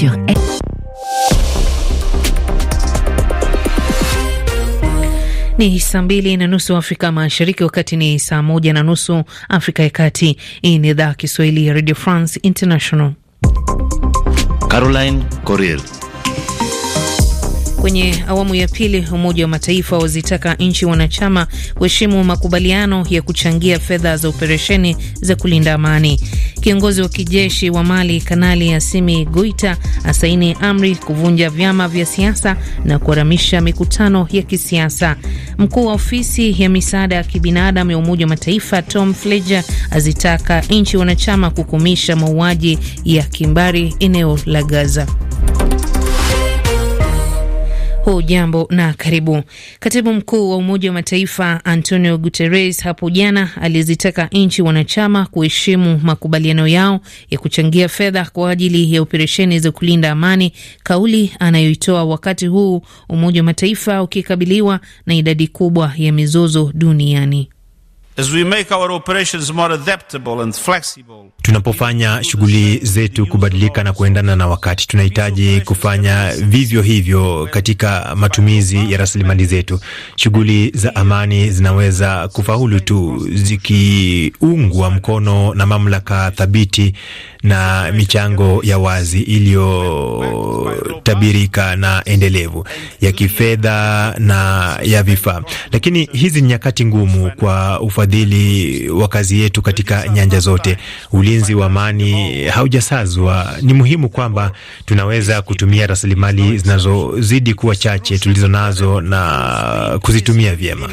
sur Ni saa mbili na nusu Afrika Mashariki, wakati ni saa moja na nusu Afrika ya Kati. Hii ni idhaa Kiswahili ya Radio France International. Caroline Corriere Kwenye awamu ya pili, Umoja wa Mataifa wazitaka nchi wanachama kuheshimu makubaliano ya kuchangia fedha za operesheni za kulinda amani. Kiongozi wa kijeshi wa Mali Kanali Asimi Goita asaini amri kuvunja vyama vya siasa na kuharamisha mikutano ya kisiasa. Mkuu wa ofisi ya misaada ya kibinadamu ya Umoja wa Mataifa Tom Fletcher azitaka nchi wanachama kukumisha mauaji ya kimbari eneo la Gaza. Hujambo na karibu. Katibu mkuu wa Umoja wa Mataifa Antonio Guterres hapo jana alizitaka nchi wanachama kuheshimu makubaliano yao ya kuchangia fedha kwa ajili ya operesheni za kulinda amani, kauli anayoitoa wakati huu Umoja wa Mataifa ukikabiliwa na idadi kubwa ya mizozo duniani. Tunapofanya shughuli zetu kubadilika na kuendana na wakati, tunahitaji kufanya vivyo hivyo katika matumizi ya rasilimali zetu. Shughuli za amani zinaweza kufaulu tu zikiungwa mkono na mamlaka thabiti na michango ya wazi iliyotabirika na endelevu ya kifedha na ya vifaa. Lakini hizi ni nyakati ngumu kwa ufa kufadhili wa kazi yetu katika nyanja zote. Ulinzi wa amani haujasazwa. Ni muhimu kwamba tunaweza kutumia rasilimali zinazozidi kuwa chache tulizo nazo na kuzitumia vyema.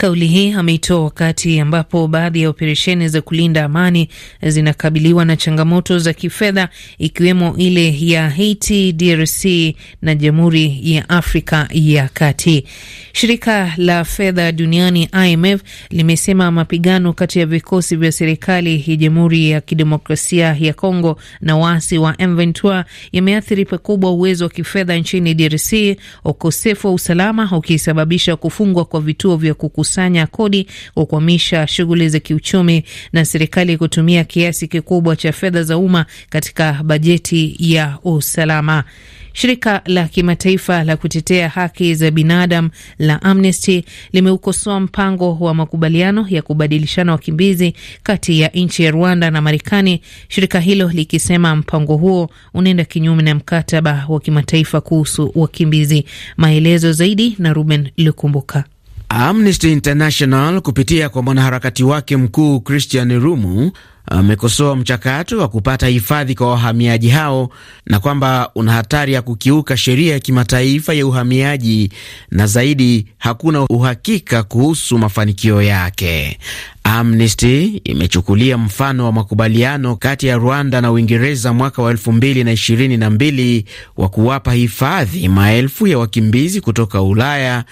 Kauli hii ameitoa wakati ambapo baadhi ya operesheni za kulinda amani zinakabiliwa na changamoto za kifedha ikiwemo ile ya Haiti, DRC na Jamhuri ya Afrika ya Kati. Shirika la fedha duniani IMF limesema mapigano kati ya vikosi vya serikali ya Jamhuri ya Kidemokrasia ya Kongo na waasi wa M23 yameathiri pakubwa uwezo wa kifedha nchini DRC, ukosefu wa usalama ukisababisha kufungwa kwa vituo vya kukus kukusanya kodi, kukwamisha shughuli za kiuchumi na serikali kutumia kiasi kikubwa cha fedha za umma katika bajeti ya usalama. Shirika la kimataifa la kutetea haki za binadamu la Amnesty limeukosoa mpango wa makubaliano ya kubadilishana wakimbizi kati ya nchi ya Rwanda na Marekani, shirika hilo likisema mpango huo unaenda kinyume na mkataba wa kimataifa kuhusu wakimbizi. Maelezo zaidi na Ruben Lukumbuka. Amnesty International kupitia kwa mwanaharakati wake mkuu Christian Rumu amekosoa mchakato wa kupata hifadhi kwa wahamiaji hao na kwamba una hatari ya kukiuka sheria ya kimataifa ya uhamiaji na zaidi, hakuna uhakika kuhusu mafanikio yake. Amnesty imechukulia mfano wa makubaliano kati ya Rwanda na Uingereza mwaka wa 2022 wa kuwapa hifadhi maelfu ya wakimbizi kutoka Ulaya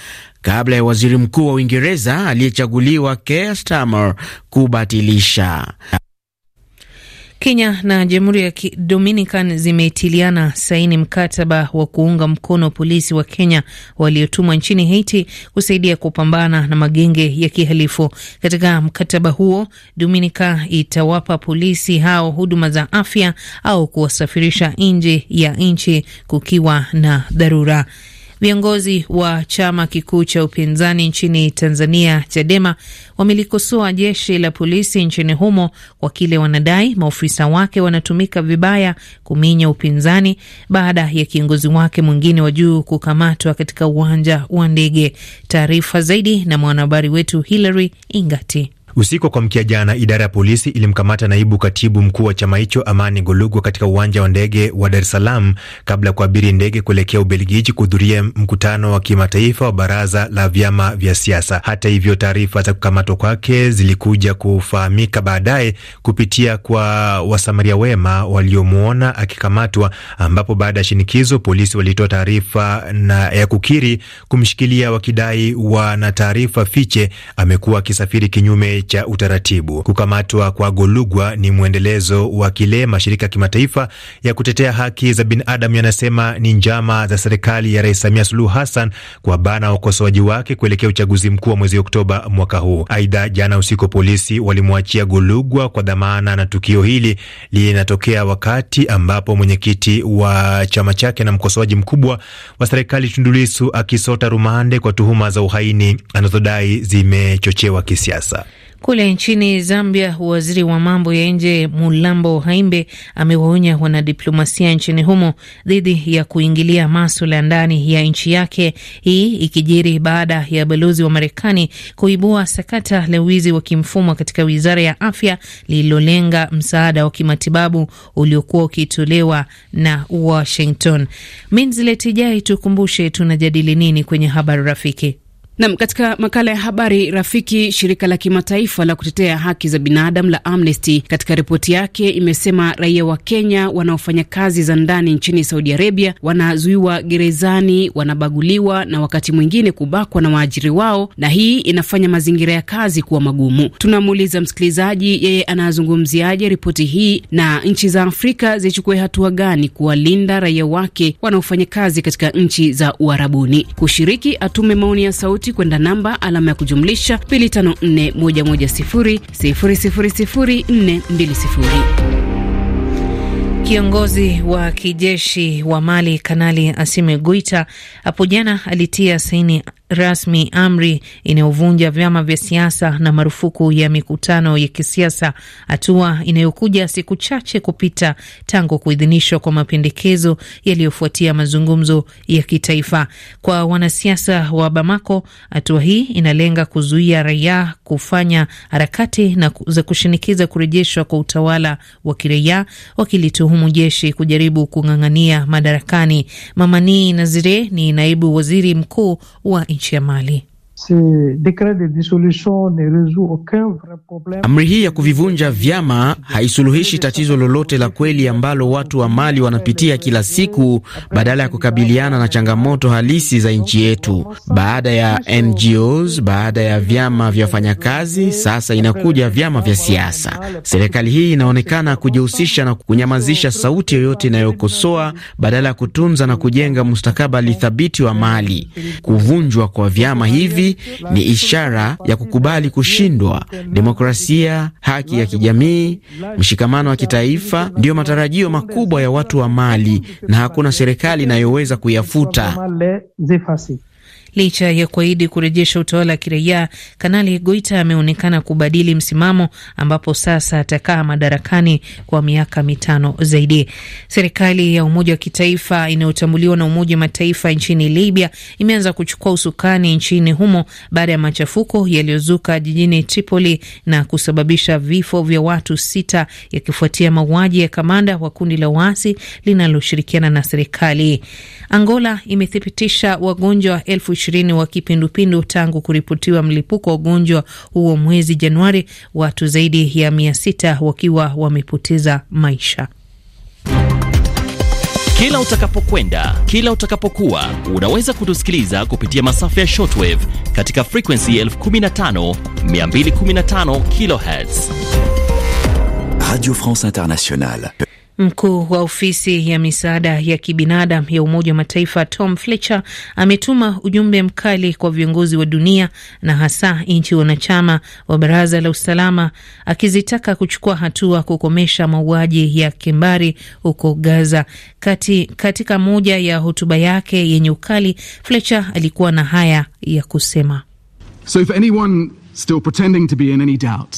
kabla ya waziri mkuu wa Uingereza aliyechaguliwa Keir Starmer kubatilisha. Kenya na Jamhuri ya Dominican zimeitiliana saini mkataba wa kuunga mkono polisi wa Kenya waliotumwa nchini Haiti kusaidia kupambana na magenge ya kihalifu. Katika mkataba huo, Dominica itawapa polisi hao huduma za afya au kuwasafirisha nje ya nchi kukiwa na dharura. Viongozi wa chama kikuu cha upinzani nchini Tanzania, Chadema, wamelikosoa jeshi la polisi nchini humo kwa kile wanadai maofisa wake wanatumika vibaya kuminya upinzani baada ya kiongozi wake mwingine wa juu kukamatwa katika uwanja wa ndege. Taarifa zaidi na mwanahabari wetu Hilary Ingati. Usiku wa kuamkia jana, idara ya polisi ilimkamata naibu katibu mkuu wa chama hicho Amani Golugwa katika uwanja wa ndege wa Dar es Salaam kabla ya kuabiri ndege kuelekea Ubelgiji kuhudhuria mkutano wa kimataifa wa baraza la vyama vya siasa. Hata hivyo, taarifa za kukamatwa kwake zilikuja kufahamika baadaye kupitia kwa wasamaria wema waliomwona akikamatwa, ambapo baada ya shinikizo polisi walitoa taarifa na ya kukiri kumshikilia wakidai wana taarifa fiche amekuwa akisafiri kinyume cha utaratibu. Kukamatwa kwa Golugwa ni mwendelezo wa kile mashirika ya kimataifa ya kutetea haki za binadamu yanasema ni njama za serikali ya Rais Samia Suluhu Hassan kwa bana wakosoaji wake kuelekea uchaguzi mkuu wa mwezi Oktoba mwaka huu. Aidha, jana usiku polisi walimwachia Golugwa kwa dhamana, na tukio hili linatokea wakati ambapo mwenyekiti wa chama chake na mkosoaji mkubwa wa serikali tundulisu akisota rumande kwa tuhuma za uhaini anazodai zimechochewa kisiasa. Kule nchini Zambia, waziri wa mambo ya nje Mulambo Haimbe amewaonya wanadiplomasia nchini humo dhidi ya kuingilia maswala ya ndani ya nchi yake, hii ikijiri baada ya balozi wa Marekani kuibua sakata la wizi wa kimfumo katika wizara ya afya lililolenga msaada wa kimatibabu uliokuwa ukitolewa na Washington. Minzile ijai tukumbushe tunajadili nini kwenye habari rafiki? Nam, katika makala ya habari rafiki, shirika la kimataifa la kutetea haki za binadamu la Amnesty katika ripoti yake imesema raia wa Kenya wanaofanya kazi za ndani nchini Saudi Arabia wanazuiwa gerezani, wanabaguliwa na wakati mwingine kubakwa na waajiri wao, na hii inafanya mazingira ya kazi kuwa magumu. Tunamuuliza msikilizaji, yeye anazungumziaje ripoti hii na nchi za Afrika zichukue hatua gani kuwalinda raia wake wanaofanya kazi katika nchi za Uarabuni. Kushiriki atume maoni ya sauti sauti kwenda namba alama ya kujumlisha 254110000420. Kiongozi wa kijeshi wa Mali Kanali Asime guita hapo jana alitia saini rasmi amri inayovunja vyama vya siasa na marufuku ya mikutano ya kisiasa, hatua inayokuja siku chache kupita tangu kuidhinishwa kwa mapendekezo yaliyofuatia mazungumzo ya kitaifa. Kwa wanasiasa wa Bamako, hatua hii inalenga kuzuia raia kufanya harakati na za kushinikiza kurejeshwa kwa utawala wa kiraia, wakilituhumu jeshi kujaribu kung'ang'ania madarakani. Mamani Nazire ni naibu waziri mkuu wa nchi ya Mali ce de dissolution ne résout aucun vrai problème. Amri hii ya kuvivunja vyama haisuluhishi tatizo lolote la kweli ambalo watu wa Mali wanapitia kila siku, badala ya kukabiliana na changamoto halisi za nchi yetu. Baada ya NGOs, baada ya vyama vya wafanyakazi, sasa inakuja vyama vya siasa. Serikali hii inaonekana kujihusisha na kunyamazisha sauti yoyote inayokosoa badala ya kutunza na kujenga mustakabali thabiti wa Mali. Kuvunjwa kwa vyama hivi ni ishara ya kukubali kushindwa. Demokrasia, haki ya kijamii, mshikamano wa kitaifa ndiyo matarajio makubwa ya watu wa Mali na hakuna serikali inayoweza kuyafuta. Licha ya kuahidi kurejesha utawala wa kiraia, Kanali Goita ameonekana kubadili msimamo, ambapo sasa atakaa madarakani kwa miaka mitano zaidi. Serikali ya umoja wa kitaifa inayotambuliwa na Umoja wa Mataifa nchini Libya imeanza kuchukua usukani nchini humo baada ya machafuko yaliyozuka jijini Tripoli na kusababisha vifo vya watu sita yakifuatia mauaji ya kamanda wa kundi la waasi linaloshirikiana na serikali. Angola imethibitisha wagonjwa elfu ishirini wa kipindupindu tangu kuripotiwa mlipuko wa ugonjwa huo mwezi Januari, watu zaidi ya mia sita wakiwa wamepoteza maisha. Kila utakapokwenda, kila utakapokuwa, unaweza kutusikiliza kupitia masafa ya shortwave katika frekuensi 15215 kilohertz. Radio France Mkuu wa ofisi ya misaada ya kibinadam ya Umoja wa Mataifa Tom Fletcher ametuma ujumbe mkali kwa viongozi wa dunia na hasa nchi wanachama wa Baraza la Usalama akizitaka kuchukua hatua kukomesha mauaji ya kimbari huko Gaza. Kati, katika moja ya hotuba yake yenye ukali Fletcher alikuwa na haya ya kusema. So if anyone still pretending to be in any doubt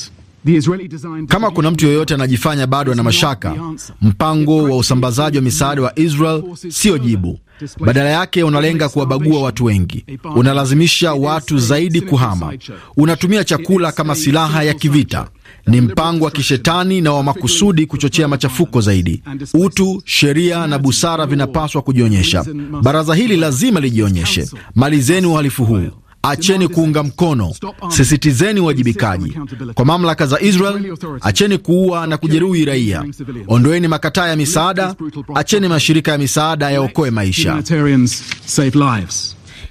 kama kuna mtu yoyote anajifanya bado ana mashaka, mpango wa usambazaji wa misaada wa Israel siyo jibu. Badala yake unalenga kuwabagua watu wengi, unalazimisha watu zaidi kuhama, unatumia chakula kama silaha ya kivita. Ni mpango wa kishetani na wa makusudi kuchochea machafuko zaidi. Utu, sheria na busara vinapaswa kujionyesha. Baraza hili lazima lijionyeshe. Malizeni uhalifu huu. Acheni kuunga mkono, sisitizeni uwajibikaji kwa mamlaka za Israel. Acheni kuua na kujeruhi raia, ondoeni makataa ya misaada, acheni mashirika ya misaada yaokoe maisha.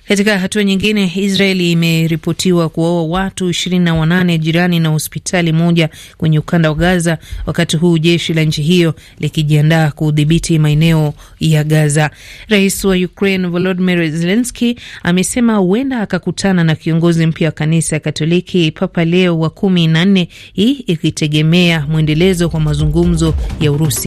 Katika hatua nyingine, Israeli imeripotiwa kuwaua watu ishirini na wanane jirani na hospitali moja kwenye ukanda wa Gaza, wakati huu jeshi la nchi hiyo likijiandaa kudhibiti maeneo ya Gaza. Rais wa Ukraine volodimir zelenski amesema huenda akakutana na kiongozi mpya wa kanisa ya Katoliki Papa Leo wa kumi na nne, hii ikitegemea mwendelezo kwa mazungumzo ya Urusi.